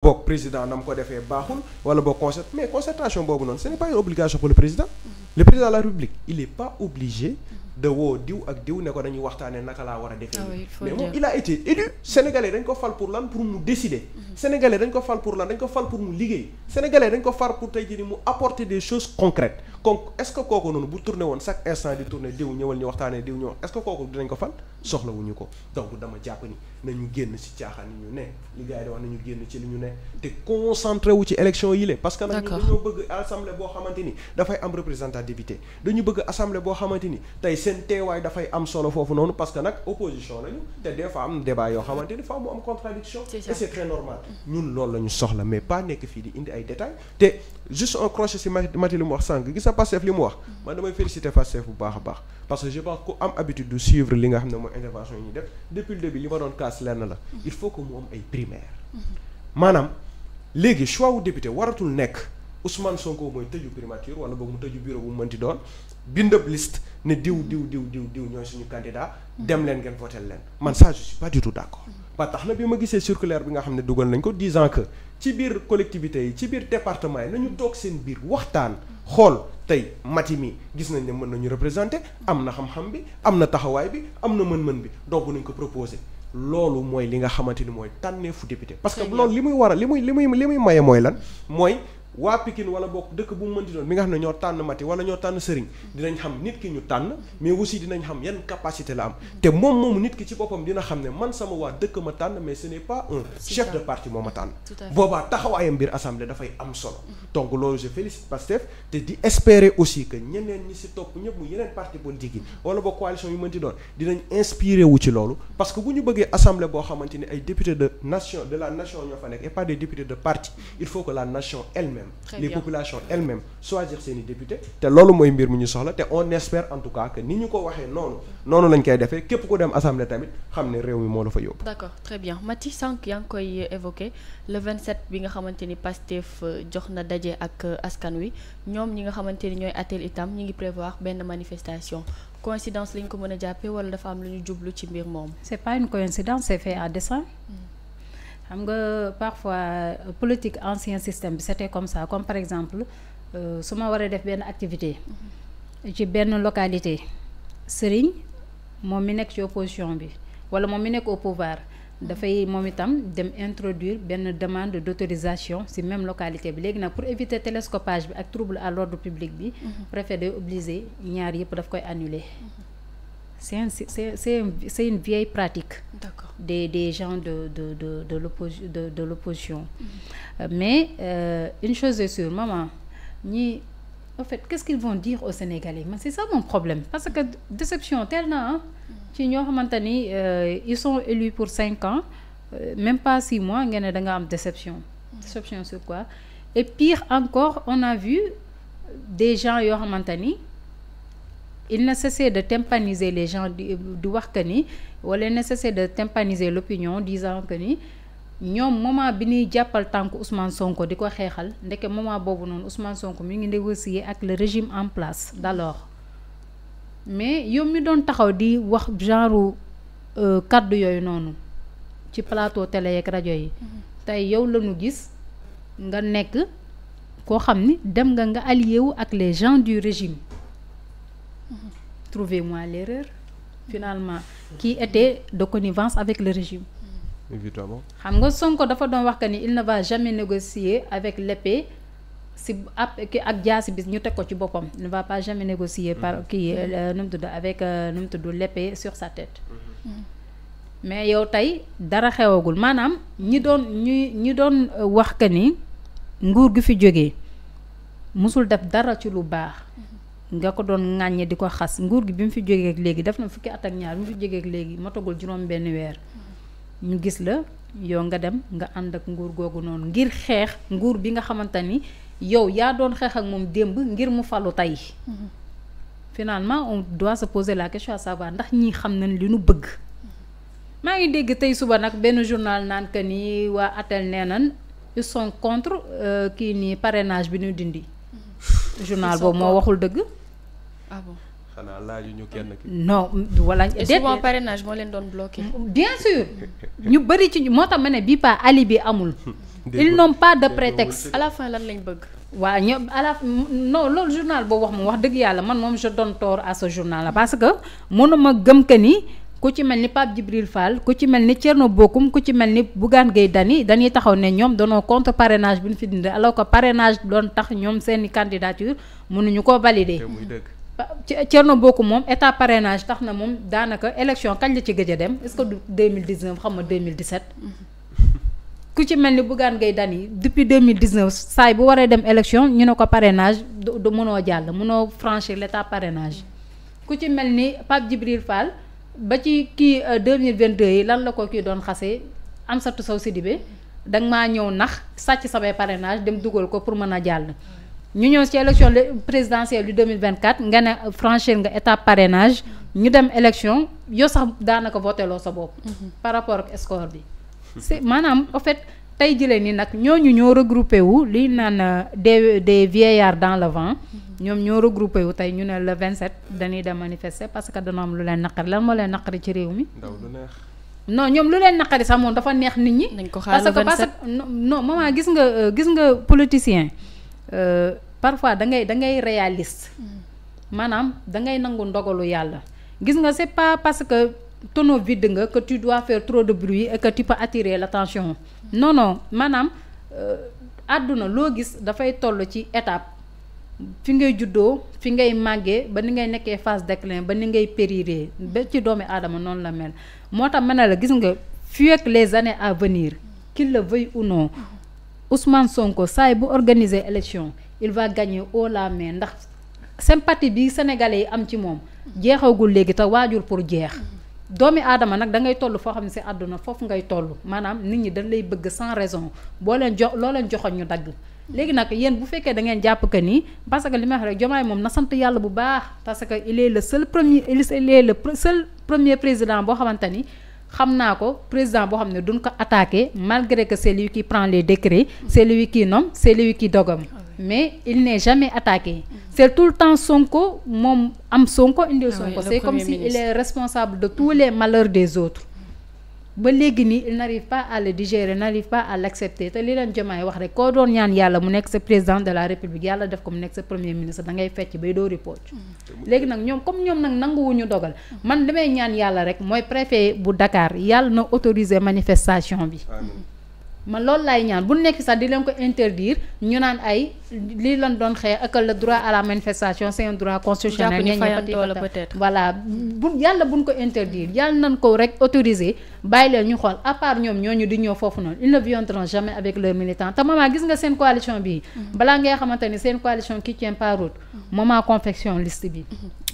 boog président na mu ko defee baaxul wala boog concert mais concertation boobu noonu ce n'est pas une obligation pour le président mm-hmm. le président la République il est pas obligé de woo diw ak diw ne ko dañuy waxtaanee naka laa war a defee ah mais moom il a été élu sénégalais dañ ko fal pour lan pour mu décider mm-hmm. sénégalais dañ ko fal pour lan dañ ko fal pour mu liggéey sénégalais dañ ko fal pour tey jii ni mu apporter des choses concrètes kon est-ce que kooku noonu bu tourné woon chaque instant di tourné diw ñëwal ñu waxtaanee diw ñëw est-ce que kooku dinañ ko fan soxlawuñu ko donc dama jàpp ni nañu génn ci caaxaan yi ñu ne li gars wax nañu génn ci li ñu ne te concentré wu ci élection yi la parce nag dañoo bëgg assemblée boo xamante ni dafay am représentativité dañu bëgg assemblée boo xamante ni tey seen teewaay dafay am solo foofu noonu parce que nag opposition lañu te des fois am débat yoo xamante ni faaw mu am contradiction et c'est sa Pastef li mu wax man damay féliciter Pastef bu baax a baax parce que je pense ku am habitude de suivre ne mooy intervention yi ñuy def depuis le début li ma doon kaas lenn la il faut ay primaire maanaam léegi choix wu député waratul nekk Ousmane Sonko mooy tëju primature wala boog mu tëju bureau bu mu mënti doon bindab liste ne diw diw diw diw diw ñooy suñu candidat dem leen ngeen votel leen man ça je suis pas du tout bi ma gisee circulaire bi nga xam ne dugal nañ ko disant que ci biir collectivité yi ci biir département yi nañu toog seen biir waxtaan xool tey mati mii gis nañ ne mën nañu représenté am na xam-xam bi am na taxawaay bi am na mën-mën bi donc nañ ko proposé loolu mooy li nga xamante ni mooy tànneefu député parce que loolu li muy war a li muy li muy li muy maye mooy lan mooy waa Pikine wala bokk dëkk bu mu mënti doon mi nga xam ne ñoo tànn Mati wala ñoo tànn Serigne mm-hmm. dinañ xam nit ki ñu tànn mais aussi dinañ xam yan capacité la am te moom moomu nit ki ci boppam dina xam ne man sama waa dëkk ma tànn mais ce n'est pas un chef de parti moo ma tànn boobaa taxawaayam biir assemblée dafay am solo mm-hmm. donc loolu je félicite Pastef te di espérer aussi que ñeneen ñi si topp ñëpp mu yeneen parti politique yi mm-hmm. wala ba coalition yu mënti doon dinañ inspiré wu ci loolu parce que bu ñu bëggee assemblée boo xamante ni ay député de nation de elles-mêmes les populations elles-mêmes choisir seeni député te loolu mooy mbir mu ñu soxla te on espère en tout cas que ni ñu ko waxee noonu noonu lañ koy defee képp ku dem assemblée tamit xam ne réew mi moo la fa yóbbu d'accord très bien Maty Sànq yaa ngi koy évoqué le 27 bi nga xamante ni Pastef euh, jox na daje ak euh, askan wi ñoom ñi nga xamante ni ñooy atel itam ñi ngi prévoir benn manifestation coïncidence lañ ko mën a jàppee wala dafa am lu ñu jublu ci mbir moom c'est pas à dessein hmm. xam nga parfois euh, politique ancien système bi c'était comme ça comme par exemple euh, su ma war a def benn activité ci benn localité sëriñ moom mi nekk ci opposition bi wala moom mu nekk au dafay moom itam dem introduire benn demande d'autorisation ci même localité bi léegi nag pour éviter télescopage bi ak trouble à l'ordre public bi mhm. préfet day obligé ñaar yëpp daf koy annuler mhm. c'est un c'est c'est c'est une vieille pratique. D'accord. des des gens de de de de l'opposition de de l'opposition. mm mais euh, une chose est sûre maman ñi en fait qu'est-ce qu'ils vont dire aux Sénégalais man c'est ça mon problème parce que déception telle na mm-hmm. ci ñoo xamante ni euh, ils sont élus pour cinq ans euh, même pas six mois nga ne da nga am déception. Mm-hmm. déception sur quoi et pire encore on a vu des gens yoo xamante ni. il n'a cessé de tympaniser les gens di wax que ni wala il n'a cessé de tympaniser l'opinion disant que ni ñoom moment bi ñuy jàppal tànk Ousmane Sonko di ko xeexal ndeke moment boobu noonu Ousmane Sonko mu ngi négocier ak le régime en place d'alors mais yow mi doon taxaw di wax genre euh, kàddu yooyu noonu ci plateau télé yeeg rajo yi mhm. tey yow lañu gis nga nekk koo xam ni dem nga nga allié wu ak les gens du régime trouvez-moi l'erreur finalement qui était de connivence avec le régime évidemment xam nga Sonko dafa doon wax que ni il ne va jamais négocier avec l'épée si ab ak jaasi bis ñu teg ko ci boppam il ne va pas jamais négocier par mm-hmm. kii euh, nu mu tudd avec euh, nu mu tudd l'épée sur sa tête mm-hmm. Mm-hmm. mais yow tey dara xewagul maanaam ñi doon ñi ñi doon euh, wax que ni nguur gi fi jóge mosul def dara ci lu baax nga ko doon ŋàññe di ko xas nguur gi bi mu fi jógeek léegi def na fukki at ak ñaar bi mu fi jógeek léegi matagul juróom benn weer ñu gis la yow nga dem nga ànd ak nguur googu noonu ngir xeex nguur bi nga xamante ni yow yaa doon xeex ak moom démb ngir mu falu tey finalement on doit se poser la question à savoir ndax ñi xam nañ li nu bëgg maa ngi dégg tey suba nag benn journal naan que ni waa atel nee nan son sont contre euh, kii nii parrainage bi ñu dindi journal boobu moo waxul dëgg ah bon xanaa laaju ñu kenn. non wala. moo leen doon bloqué. bien sûr ñu bëri ci moo tax ma ne bii pas ali bi amul. ils n'ont pas de prétexte. à la fin lan lañ bëgg. waa ñoom à la non loolu journal boo wax mu wax dëgg yàlla man moom je donne tort à ce journal la parce que mënuma gëm que ni. ku ci mel ni Pape Djibril Fall ku ci mel ni Thierno bokkum ku ci mel ni Bougane Gueye Dany dañuy taxaw ne ñoom danoo contre parenage bi ñu fi dindi alors que parrainage doon tax ñoom seeni candidature mënuñu ko valider. ci Thierno Bocoum moom état parrainage tax na moom daanaka élection kañ la ci gëj a dem est-ce que du 2019 xam nga 2017. Mm-hmm. ku ci mel ni Bougane Gueye Dany depuis 2019 saay bu waree dem élection ñu ne ko parrainage du mënoo jàll mënoo franchir l'état parenage ku ci mel ni Pape Djibril Fall ba ci kii 2022 euh, yi lan la ko kii doon xasee Amsatou Sow bi danga maa ñëw nax sàcc samay parrainage dem dugal ko pour mën a jàll. ñu ñëw ci élection présidentielle du 2024 nga ne franchir nga étape parrainage ñu dem élection yow sax daanaka voté sa bopp. Mhm. par rapport ak score bi. c'est maanaam en fait tey jëlee nii nag ñooñu ñoo regroupé wu li naan euh, des des vieillards dans le vent. Mhm. ñoom ñoo regroupé wu tey ñu ne le 27 dañuy dem manifester parce que dana am lu leen naqari lan moo leen naqari ci réew mi. ndaw lu ñoom lu leen naqari sax moom dafa neex nit ñi. dañ ko xaar le parce que parce que non gis nga euh, gis nga politicien. Euh, parfois da ngay da ngay réaliste mm. maanaam da ngay nangu ndogalu yàlla gis nga c'est pas parce que tonneau vide nga que tu dois faire trop de bruit et que tu peux attirer l'attention mm. non non maanaam euh, àdduna loo gis dafay toll ci étape fi ngay juddoo fi ngay màggee ba ni ngay nekkee phase déclin ba ni ngay périree mm. ba ci doomi aadama noonu la mel moo tax ma ne la gis nga fii les années à venir qu'il le veuille ou non Ousmane Sonko saay bu organiser élection il va gagner haut la mais ndax sympathie bi sénégalais yi am ci moom jeexagul léegi te waajur pour jeex doomi aadama nag da ngay toll foo xam ne si àdduna foofu ngay toll maanaam nit ñi dañ lay bëgg sans raison boo leen jox loo leen joxoon dagg léegi nag yéen bu fekkee da ngeen jàpp que ni parce que li may wax rek jomaay moom na sant yàlla bu baax parce que il est le seul premier il e le seul premier président boo xamante ni xam naa ko président boo xam ne duñ ko attaqué malgré que c'est lui qui prend les décrets c'est lui qui nomme c'est lui qui dogam mais il n'est jamais attaqué c'est tout le temps Sonko moom am Sonko indil ah Sonko c'est comme si il est responsable de tous les maleurs des autres ba léegi nii il n'arrive pas à le digérer n'arrive pas à l'accepter te li leen Diomaye wax rek koo doon ñaan yàlla mu nekk sa président de la république yàlla def ko mu nekk sa premier ministre da ngay fecc bay doo ripooj mm. léegi nag ñoom comme ñoom nag nanguwuñu dogal man li may ñaan yàlla rek mooy préfet bu dakaar yàlla na autoriser manifestation bi man loolu laay ñaan bu nekk sax di leen ko interdire ñu naan ay lii lan doon xee ak le droit à la manifestation c'est un droit constitutionnel peut-être voilà bu yàlla buñ ko interdire yàlla nañ ko rek autoriser bàyyi leen ñu xool à part ñoom di ñëw foofu noonu ils ne viendront jamais avec leurs nga seen coalition bii balaa ngay xamante ni seen coalition qui tient pas route maman confection liste bi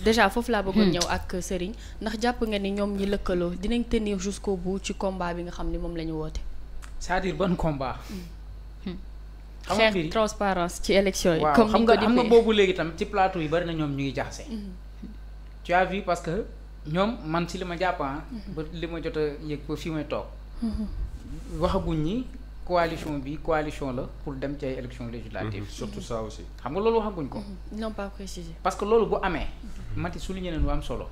déjà foofu laa bëggoon ñëw ak Serigne ndax jàpp nga ni ñoom ñi lëkkaloo dinañ tenir jusqu'au bout ci combat bi nga xam ni moom la ñu woote cest diir dire ban combat. Hmm. Hmm. xam nga fii transparence ci élection yi. comme xam nga xam nga boobu léegi tam ci plateau yi bari na ñoom ñu ngi jaxase. Hmm. tu as vu parce que ñoom man si li ma jàpp ah, ba li ma jot a yëg ba fii may toog. waxaguñ ñi coalition bi coalition la pour dem ci ay élection législative surtout ça aussi. xam nga loolu waxaguñ ko. parce que loolu bu amee. Mati souligné na lu am solo.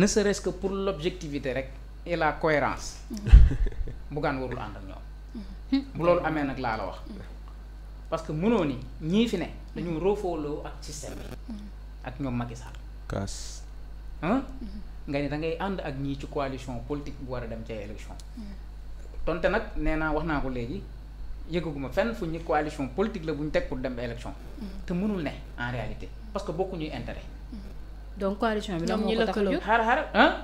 ne serait-ce que pour l'objectivité rek et la cohérence Bougane warul ànd ak ñoom. Mm-hmm. bu loolu amee nag laa la wax. Mm-hmm. parce que mënoo ni ñii fi ne dañu mm-hmm. rofooloo ak système bi. ak ñoom Macky Sall. kaas. nga ni dangay ànd ak ñii ci coalition politique bu war a dem ca élection. donte nag nee naa wax naa ko léegi yëgguma fenn fu ñu coalition politique la bu ñu teg pour dem élection. te mënul ne en réalité parce que bokkuñuy intérêt. donc coalition bi. ñoom ñi lëkkaloo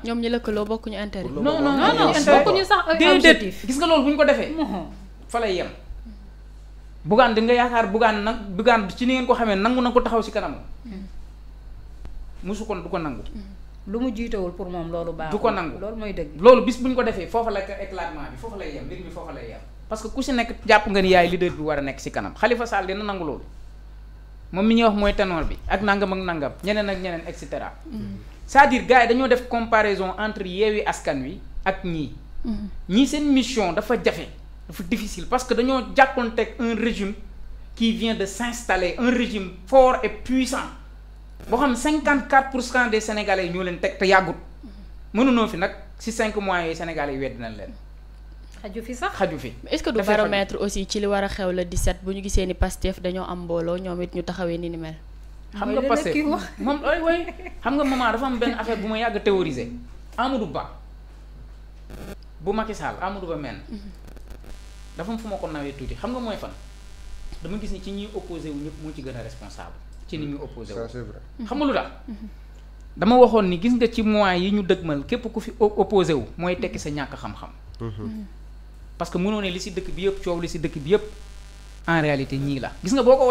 ñoom ñi lëkkaloo bokkuñu intérêt. non non non bokkuñu sax ay objectif gis nga loolu bu ñu ko defee. fa lay yem. bugaan di nga yaakaar bugaan nag bugaan ci ni ngeen ko xamee nangu na ko taxaw si kanam. Mm. musu kon du ko nangu. Mm. lu mu jiitawul pour moom loolu baax du ko nangu loolu mooy dëgg. loolu bis bu ñu ko defee foofa la éclatement bi foofa lay yem foofa lay yem. parce que ku si nekk jàpp nga ni yaay leader bi war a nekk si kanam xalifa saal dina nangu loolu moom mi ñuy wax mooy ténor bi ak nangam ak nangam ñeneen ak ñeneen et cetera. Mm-hmm. cest à gars dañoo def comparaison entre yeewi askan wi ak ñii. Mm-hmm. ñii seen mission dafa jafe dafa difficile parce que dañoo teg un régime qui vient de s'installer un régime fort et puissant boo xam cinquante quatre pour cent des sénégalais ñoo leen teg te yàggut mm-hmm. mënunoo fi nag ci cinq mois yooyu sénégalais yi wedd nañ leen. xaju fi sax xaju fi. est-ce que aussi ci li war a xew la 17 bu ñu gisee ni Pastef dañoo am mbooloo ñoom it ñu taxawee ni ni mel. xam nga Pastef moom ooy ooy xam nga maman dafa am benn affaire bu ma yàgg théoriser Amadou Ba bu Macky Sall Amadou Ba men dafa fu ma ko nawee tuuti xam nga mooy fan dama gis ni ci ñuy opposé wu ñëpp moo ci gën a responsable ci ni ñu opposé wu. ça c'est vrai xam nga lu tax dama waxoon ni gis nga ci mois yi ñu dëgmal képp ku fi opposé wu mooy tekki sa ñàkk xam-xam. Mm-hmm. parce que mënoo ne li si dëkk bi yëpp coow li si dëkk bi yëpp en réalité ñii la gis nga boo ko